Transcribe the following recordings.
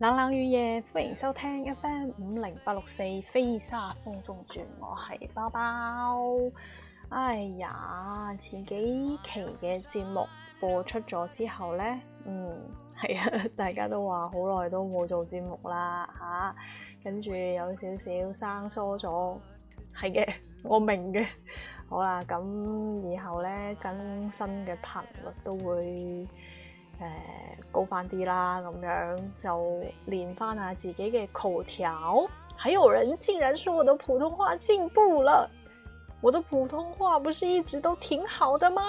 冷冷雨夜，歡迎收聽 FM 五零八六四《飛沙風中轉》，我係包包。哎呀，前幾期嘅節目播出咗之後咧，嗯，係啊，大家都話好耐都冇做節目啦吓，啊，跟住有少少生疏咗。係嘅，我明嘅。好啦，咁以後咧更新嘅頻率都會。誒、嗯，高翻啲啦，咁樣就練翻下自己嘅口條。還有人竟然說我的普通話進步了，我的普通話不是一直都挺好的嗎？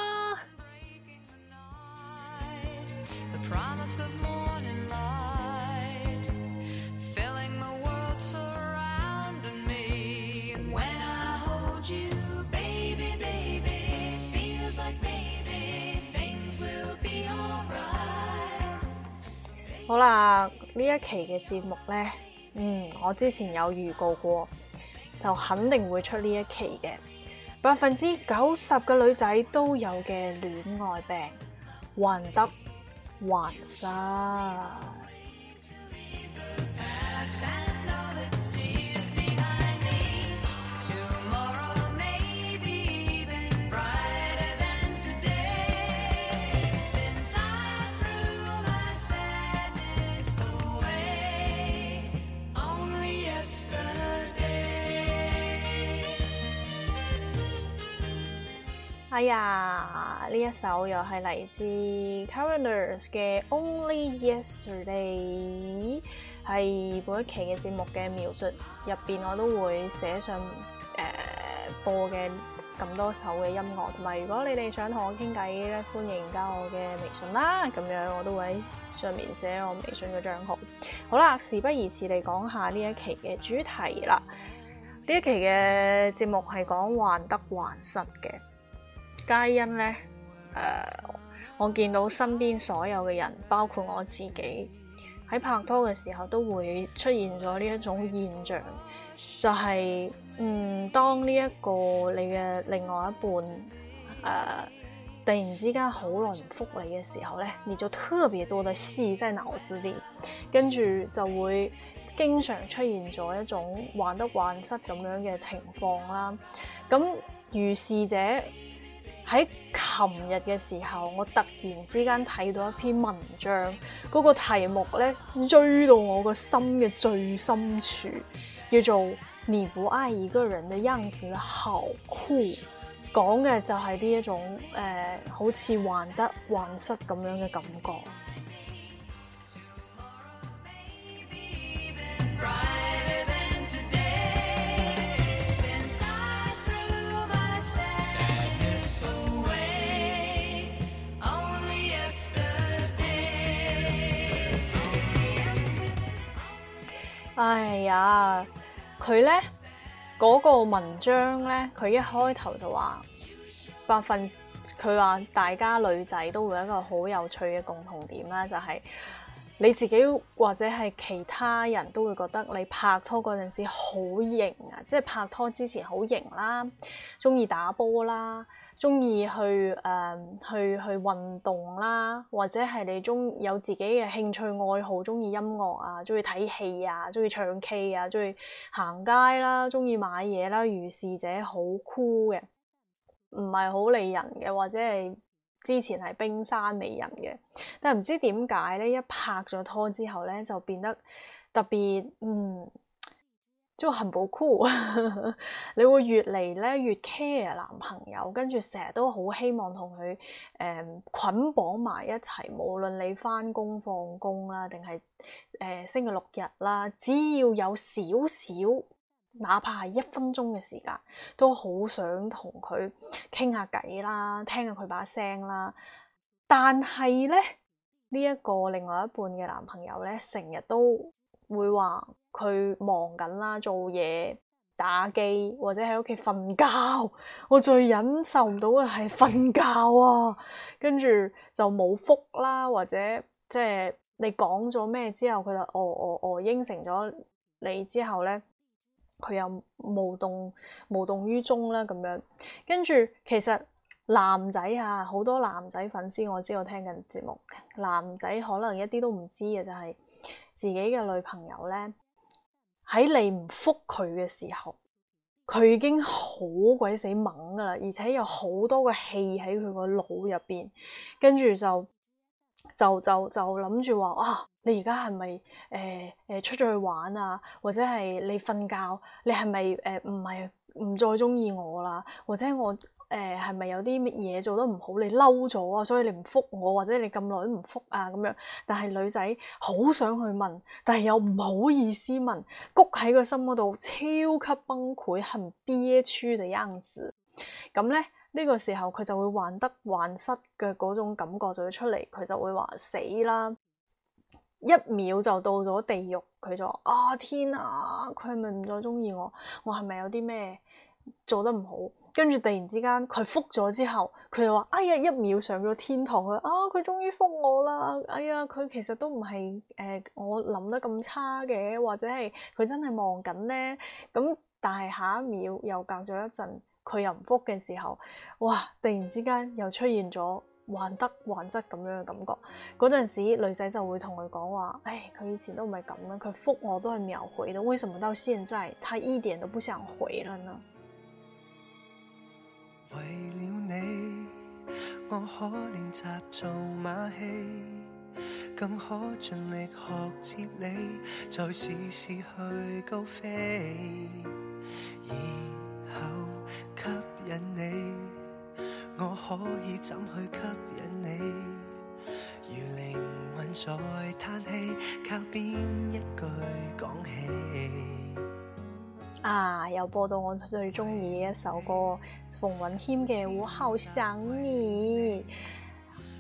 好啦，呢一期嘅節目呢，嗯，我之前有預告過，就肯定會出呢一期嘅，百分之九十嘅女仔都有嘅戀愛病，患得患失。係啊，呢、哎、一首又係嚟自 Carpenters 嘅《Only Yesterday》。係每一期嘅節目嘅描述入邊，面我都會寫上誒、呃、播嘅咁多首嘅音樂。同埋，如果你哋想同我傾偈咧，歡迎加我嘅微信啦。咁樣我都會喺上面寫我微信嘅賬號。好啦，事不宜遲，嚟講下呢一期嘅主題啦。呢一期嘅節目係講患得患失嘅。皆因咧，誒、uh，我見到身邊所有嘅人，包括我自己喺拍拖嘅時候，都會出現咗呢一種現象，就係、是、嗯，當呢、這、一個你嘅另外一半誒，uh, 突然之間好耐唔覆你嘅時候咧，你就特別多嘅事，即係腦子啲，跟住就會經常出現咗一種患得患失咁樣嘅情況啦。咁如是者。喺琴日嘅時候，我突然之間睇到一篇文章，嗰、那個題目咧追到我個心嘅最深處，叫做《你不愛一個人的樣子好酷》，講嘅就係呢一種誒、呃，好似患得患失咁樣嘅感覺。哎呀，佢咧嗰個文章咧，佢一開頭就話，百分佢話大家女仔都會有一個好有趣嘅共同點啦，就係、是、你自己或者係其他人都會覺得你拍拖嗰陣時好型啊，即係拍拖之前好型啦，中意打波啦。中意去誒、嗯、去去運動啦，或者係你中意有自己嘅興趣愛好，中意音樂啊，中意睇戲啊，中意唱 K 啊，中意行街啦，中意買嘢啦，如是者好酷嘅，唔係好理人嘅，或者係之前係冰山美人嘅，但係唔知點解咧，一拍咗拖之後咧，就變得特別嗯。即係很寶庫， 你會越嚟咧越 care 男朋友，跟住成日都好希望同佢誒捆綁埋一齊，無論你翻工放工啦，定係誒星期六日啦，只要有少少，哪怕係一分鐘嘅時間，都好想同佢傾下偈啦，聽下佢把聲啦。但係咧呢一個另外一半嘅男朋友咧，成日都。會話佢忙緊啦，做嘢、打機或者喺屋企瞓覺。我最忍受唔到嘅係瞓覺啊！跟住就冇覆啦，或者即係你講咗咩之後，佢就哦哦哦應承咗你之後咧，佢又無動無動於衷啦咁樣。跟住其實男仔啊，好多男仔粉絲，我知我聽緊節目，男仔可能一啲都唔知嘅就係、是。自己嘅女朋友咧，喺你唔複佢嘅時候，佢已經好鬼死猛噶啦，而且有好多嘅氣喺佢個腦入邊，跟住就就就就諗住話啊，你而家係咪誒誒出咗去玩啊，或者係你瞓覺，你係咪誒唔係唔再中意我啦，或者我？誒，係咪、呃、有啲乜嘢做得唔好，你嬲咗啊？所以你唔復我，或者你咁耐都唔復啊？咁樣，但係女仔好想去問，但係又唔好意思問，谷喺個心嗰度超級崩潰，恨憋屈嘅樣子。咁咧呢、呢個時候佢就會患得患失嘅嗰種感覺就會出嚟，佢就會話死啦，一秒就到咗地獄，佢就啊天啊，佢係咪唔再中意我？我係咪有啲咩做得唔好？跟住突然之間佢復咗之後，佢又話：哎呀，一秒上咗天堂去啊！佢終於復我啦！哎呀，佢其實都唔係誒我諗得咁差嘅，或者係佢真係忙緊咧。咁但係下一秒又隔咗一陣，佢又唔復嘅時候，哇！突然之間又出現咗患得患失咁樣嘅感覺。嗰陣時女仔就會同佢講話：唉、哎，佢以前都唔係咁樣，佢復我都係秒回到，為什麼到現在他一點都不想回了呢？為了你，我可練習做馬戲，更可盡力學哲理，再試試去高飛。然後吸引你，我可以怎去吸引你？如靈魂在嘆氣，靠邊一句講起。啊！又播到我最中意嘅一首歌，馮允謙嘅《我好想你》。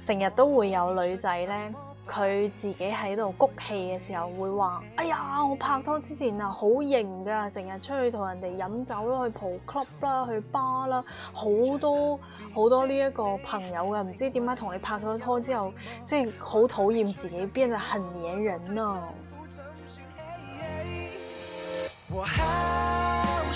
成日都會有女仔咧，佢自己喺度谷氣嘅時候會話：哎呀，我拍拖之前啊，好型噶，成日出去同人哋飲酒啦，去蒲 club 啦，去 bar 啦，好多好多呢一個朋友噶。唔知點解同你拍咗拖，拖之後，即係好討厭自己變得很黏人啊。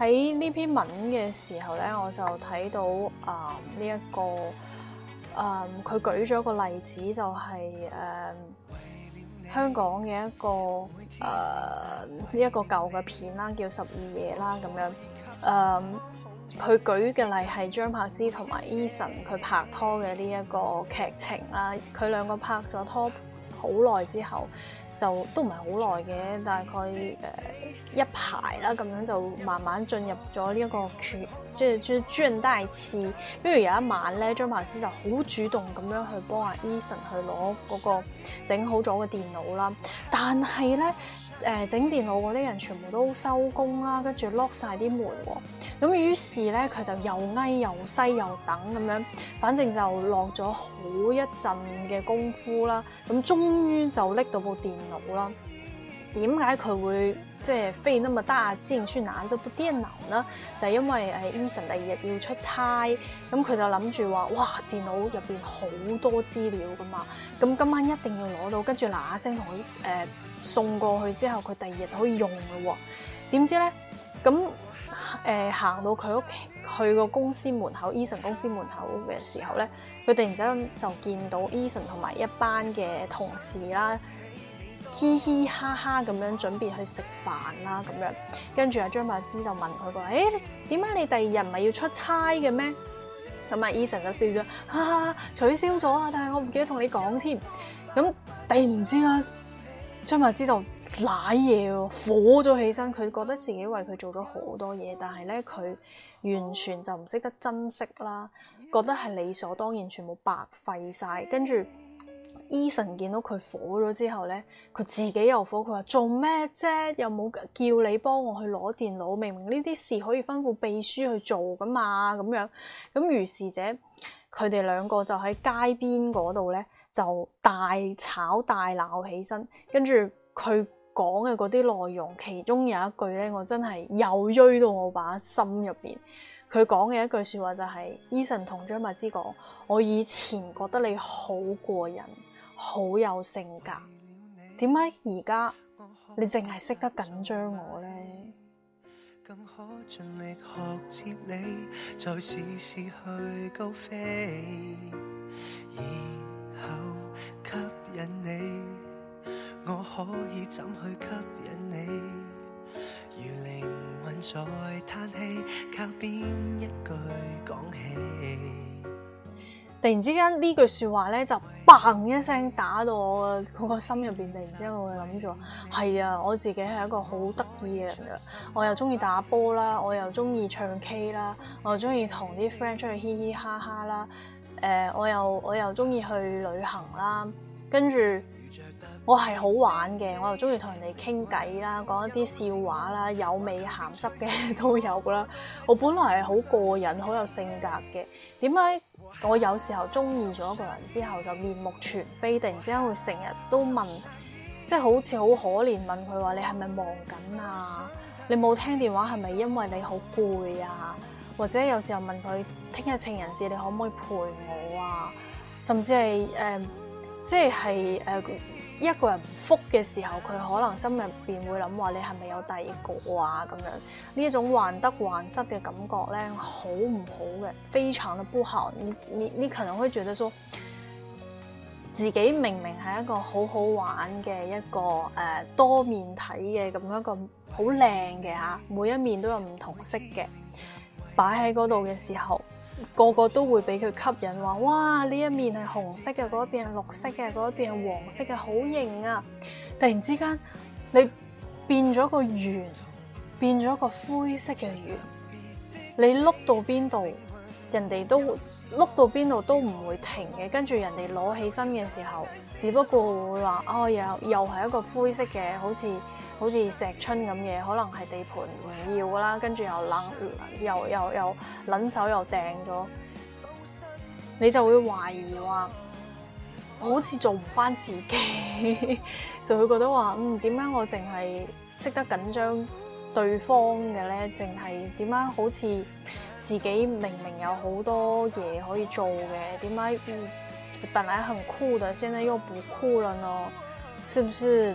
喺呢篇文嘅時候咧，我就睇到啊呢一個，嗯佢舉咗個例子，就係、是、誒、嗯、香港嘅一個誒呢一個舊嘅片啦，叫《十二夜》啦咁樣。誒、嗯、佢舉嘅例係張柏芝同埋 Eason 佢拍拖嘅呢一個劇情啦，佢兩個拍咗拖。好耐之後，就都唔係好耐嘅，大概誒、呃、一排啦，咁樣就慢慢進入咗呢一個決，即係即係專帶刺。跟住有一晚咧，張柏芝就好主動咁樣去幫阿 Eason 去攞嗰、嗰個整好咗嘅電腦啦。但係咧，誒、呃、整電腦嗰啲人全部都收工啦，跟住 lock 曬啲門喎。咁於是咧，佢就又翳又西又等咁樣，反正就落咗好一陣嘅功夫啦。咁終於就拎到部電腦啦。點解佢會即係費那麼大勁去攬這部電腦呢？就係、是、因為誒、e、Eason 第二日要出差，咁佢就諗住話：哇，電腦入邊好多資料噶嘛，咁今晚一定要攞到，跟住嗱嗱聲同佢誒送過去之後，佢第二日就可以用噶喎。點知咧？咁誒行到佢屋企，去個公司門口，Eason 公司門口嘅時候咧，佢突然之間就見到 Eason 同埋一班嘅同事啦，嘻嘻哈哈咁樣準備去食飯啦咁樣，跟住阿張柏芝就問佢：話誒點解你第二日唔係要出差嘅咩？咁啊，Eason 就笑咗：哈哈，取消咗啊！但係我唔記得同你講添。咁突然之間，張柏芝就。瀨嘢喎，火咗起身，佢覺得自己為佢做咗好多嘢，但係咧佢完全就唔識得珍惜啦，覺得係理所當然，全部白費晒。跟住 Eason 見到佢火咗之後咧，佢自己又火，佢話做咩啫？又冇叫你幫我去攞電腦，明明呢啲事可以吩咐秘書去做噶嘛咁樣。咁如是者，佢哋兩個就喺街邊嗰度咧就大吵大鬧起身，跟住佢。講嘅嗰啲內容，其中有一句咧，我真係又追到我把心入邊。佢講嘅一句說話就係，Eason 同張柏芝講：，我以前覺得你好過癮，好有性格，點解而家你淨係識得緊張我呢？可盡力再去高飛然後吸引你。 我可以怎去吸引你？如靈魂在嘆氣，靠邊一句講起。突然之間呢句說話咧，就砰一聲打到我個心入邊。突然之間，我會諗住，係啊，我自己係一個好得意嘅人噶。我又中意打波啦，我又中意唱 K 啦，我又中意同啲 friend 出去嘻嘻哈哈啦。誒、呃，我又我又中意去旅行啦，跟住。我係好玩嘅，我又中意同人哋傾偈啦，講一啲笑話啦，有味鹹濕嘅都有啦。我本來係好過癮、好有性格嘅。點解我有時候中意咗一個人之後就面目全非？突然之間會成日都問，即係好似好可憐問佢話：你係咪忙緊啊？你冇聽電話係咪因為你好攰啊？或者有時候問佢：聽日情人節你可唔可以陪我啊？甚至係誒、呃，即係誒。呃一個人唔覆嘅時候，佢可能心入邊會諗話：你係咪有第二個啊？咁樣呢種患得患失嘅感覺咧，好唔好嘅？非常嘅不好。你你你可能會覺得，說自己明明係一個好好玩嘅一個誒、呃、多面體嘅咁樣一個好靚嘅嚇，每一面都有唔同色嘅擺喺嗰度嘅時候。個個都會俾佢吸引，話哇呢一面係紅色嘅，嗰一邊係綠色嘅，嗰一邊係黃色嘅，好型啊！突然之間，你變咗個圓，變咗個灰色嘅圓，你碌到邊度，人哋都碌到邊度都唔會停嘅。跟住人哋攞起身嘅時候，只不過會話哦，又又係一個灰色嘅，好似。好似石春咁嘅，可能係地盤唔要啦，跟住又冷，又又又撚手又掟咗，你就會懷疑話，好似做唔返自己， 就會覺得話，嗯，點解我淨係識得緊張對方嘅咧？淨係，點解好似自己明明有好多嘢可以做嘅，點解本來很酷的，現在又不酷了呢？是不是？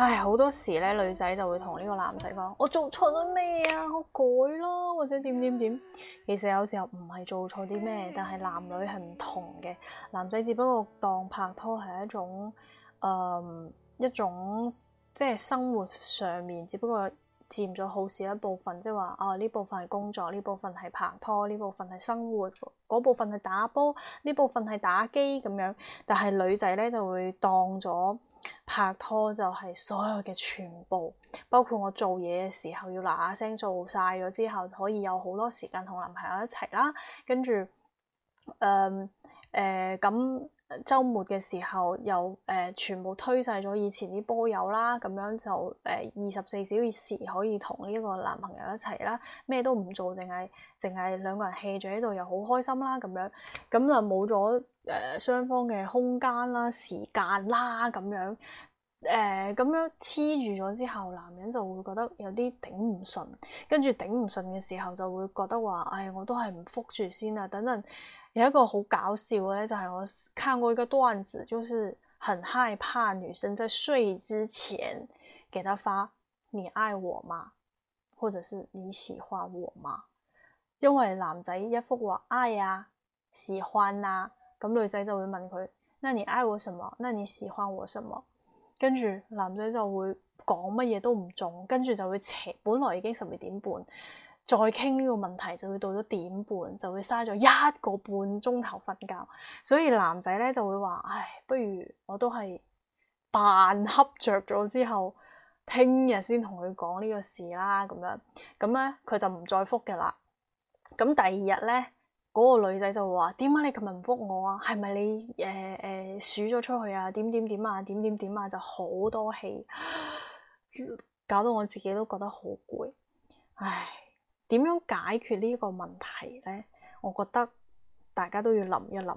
唉，好多時咧，女仔就會同呢個男仔講：我做錯咗咩啊？我改囉，或者點點點。其實有時候唔係做錯啲咩，但係男女係唔同嘅。男仔只不過當拍拖係一種，嗯，一種即係生活上面，只不過佔咗好少一部分，即係話啊呢部分係工作，呢部分係拍拖，呢部分係生活，嗰部分係打波，呢部分係打機咁樣。但係女仔咧就會當咗，拍拖就係所有嘅全部，包括我做嘢嘅時候要嗱嗱聲做晒咗之後，可以有好多時間同男朋友一齊啦，跟住，誒、嗯，誒、呃，咁。周末嘅時候又誒、呃、全部推曬咗，以前啲波友啦，咁樣就誒二十四小時可以同呢個男朋友一齊啦，咩都唔做，淨係淨係兩個人 hea 住喺度又好開心啦，咁樣咁就冇咗誒雙方嘅空間啦、時間啦咁樣。誒，咁、呃、樣黐住咗之後，男人就會覺得有啲頂唔順，跟住頂唔順嘅時候就會覺得話，唉、哎，我都係唔覆住先啦等等。有一個好搞笑嘅就係、是、我看過一個段子，就是很害怕女生在睡之前給他發你愛我嗎，或者是你喜歡我嗎？因為男仔一覆話愛呀、啊、喜歡啦、啊，咁女仔就會問佢，那你愛我什麼？那你喜歡我什麼？跟住男仔就會講乜嘢都唔中，跟住就會扯。本來已經十二點半，再傾呢個問題就會到咗點半，就會嘥咗一個半鐘頭瞓覺。所以男仔咧就會話：唉，不如我都係扮瞌着咗之後，聽日先同佢講呢個事啦。咁樣咁咧，佢就唔再覆嘅啦。咁第二日咧。嗰個女仔就話：點解你琴日唔覆我啊？係咪你誒誒數咗出去啊？點點點啊？點點點啊？就好多戲、啊，搞到我自己都覺得好攰。唉，點樣解決呢個問題咧？我覺得大家都要諗一諗。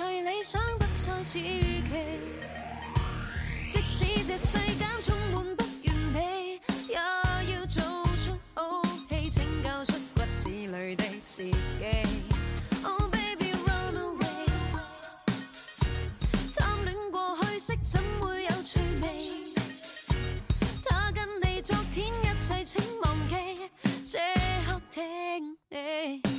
最理想不再是預期，即使這世間充滿不完美，也要做出好戲，拯救出骨子裏的自己。Oh baby run away，貪戀過去式怎會有趣味？他跟你昨天一切，請忘記這，這刻聽你。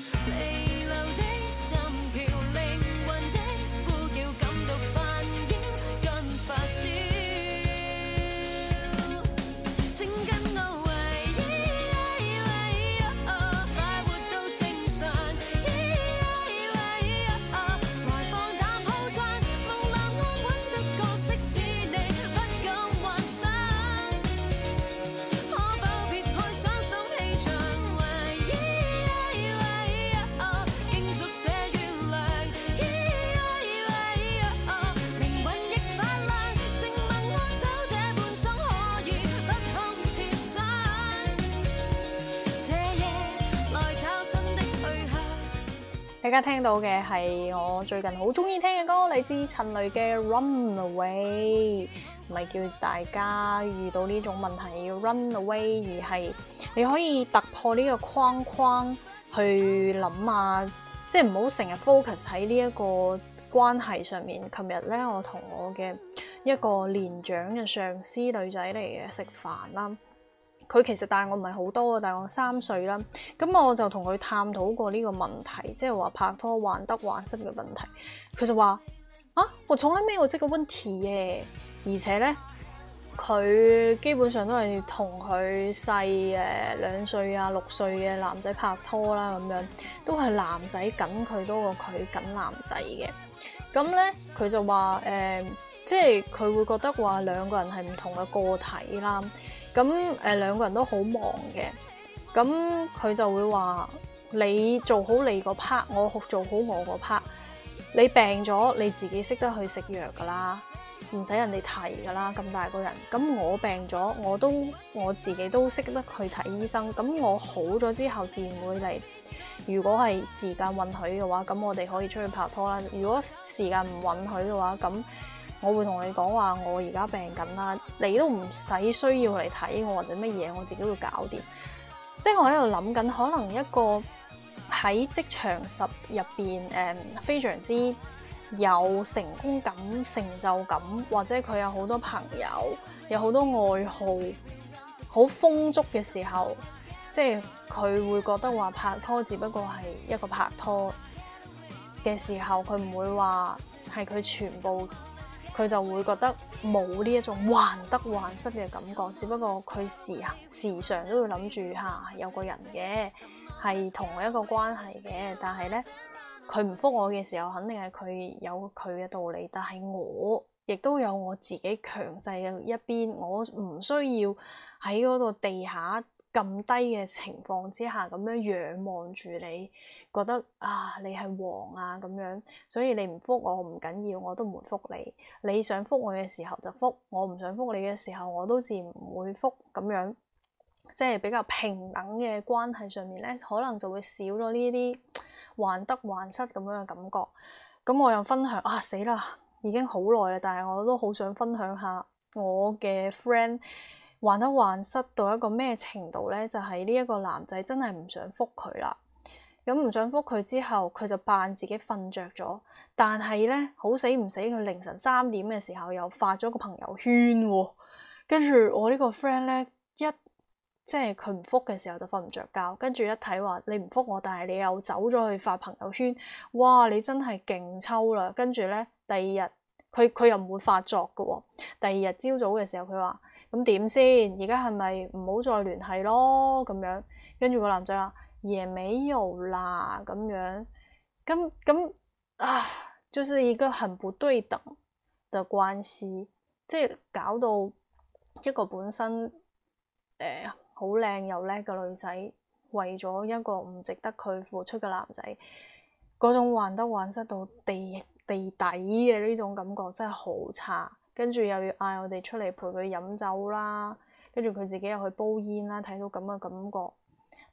大家聽到嘅係我最近好中意聽嘅歌，嚟自陳雷嘅《Run Away》，唔係叫大家遇到呢種問題要 Run Away，而係你可以突破呢個框框去諗下，即係唔好成日 focus 喺呢一個關係上面。琴日咧，我同我嘅一個年長嘅上司女仔嚟嘅食飯啦。佢其實大我唔係好多，大我三歲啦。咁我就同佢探討過呢個問題，即係話拍拖患得患失嘅問題。佢就話：啊，我從來冇即個問題嘅、啊。而且咧，佢基本上都係同佢細誒兩歲啊、六歲嘅男仔拍拖啦，咁樣都係男仔緊佢多過佢緊男仔嘅。咁咧，佢就話誒、呃，即係佢會覺得話兩個人係唔同嘅個體啦。咁誒兩個人都好忙嘅，咁佢就會話：你做好你個 part，我做好我個 part。你病咗，你自己識得去食藥㗎啦，唔使人哋提㗎啦，咁大個人。咁我病咗，我都我自己都識得去睇醫生。咁我好咗之後自然會嚟。如果係時間允許嘅話，咁我哋可以出去拍拖啦。如果時間唔允許嘅話，咁。我會同你講話，我而家病緊啦，你都唔使需要嚟睇我或者乜嘢，我自己會搞掂。即係我喺度諗緊，可能一個喺職場入面誒，非常之有成功感、成就感，或者佢有好多朋友，有好多愛好，好豐足嘅時候，即係佢會覺得話拍拖只不過係一個拍拖嘅時候，佢唔會話係佢全部。佢就會覺得冇呢一種患得患失嘅感覺，只不過佢時時常都會諗住嚇有個人嘅係同我一個關係嘅，但係呢，佢唔覆我嘅時候，肯定係佢有佢嘅道理，但係我亦都有我自己強勢嘅一邊，我唔需要喺嗰個地下。咁低嘅情況之下，咁樣仰望住你，覺得啊，你係王啊咁樣，所以你唔復我唔緊要，我都唔會復你。你想復我嘅時候就復，我唔想復你嘅時候我都自然唔會復咁樣，即係比較平等嘅關係上面咧，可能就會少咗呢啲患得患失咁樣嘅感覺。咁我又分享啊，死啦，已經好耐啦，但係我都好想分享下我嘅 friend。患得患失到一個咩程度咧？就係呢一個男仔真係唔想覆佢啦。咁唔想覆佢之後，佢就扮自己瞓着咗。但係咧，好死唔死，佢凌晨三點嘅時候又發咗個朋友圈喎。跟住我呢個 friend 咧，一即係佢唔覆嘅時候就瞓唔着覺，跟住一睇話你唔覆我，但係你又走咗去發朋友圈，哇！你真係勁抽啦。跟住咧，第二日佢佢又冇發作㗎喎。第二日朝早嘅時候，佢話。咁點先？而家係咪唔好再聯繫咯？咁樣跟住個男仔話：夜尾又啦咁樣。咁咁啊，就是一個很不對等的關係，即係搞到一個本身誒好靚又叻嘅女仔，為咗一個唔值得佢付出嘅男仔，嗰種患得患失到地地底嘅呢種感覺，真係好差。跟住又要嗌我哋出嚟陪佢飲酒啦，跟住佢自己又去煲煙啦，睇到咁嘅感覺，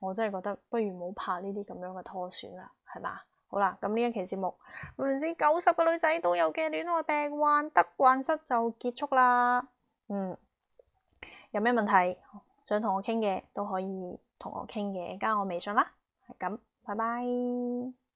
我真係覺得不如唔好拍呢啲咁樣嘅拖損啦，係嘛？好啦，咁呢一期節目，百分之九十個女仔都有嘅戀愛病患得患失就結束啦。嗯，有咩問題想同我傾嘅都可以同我傾嘅，加我微信啦。係咁，拜拜。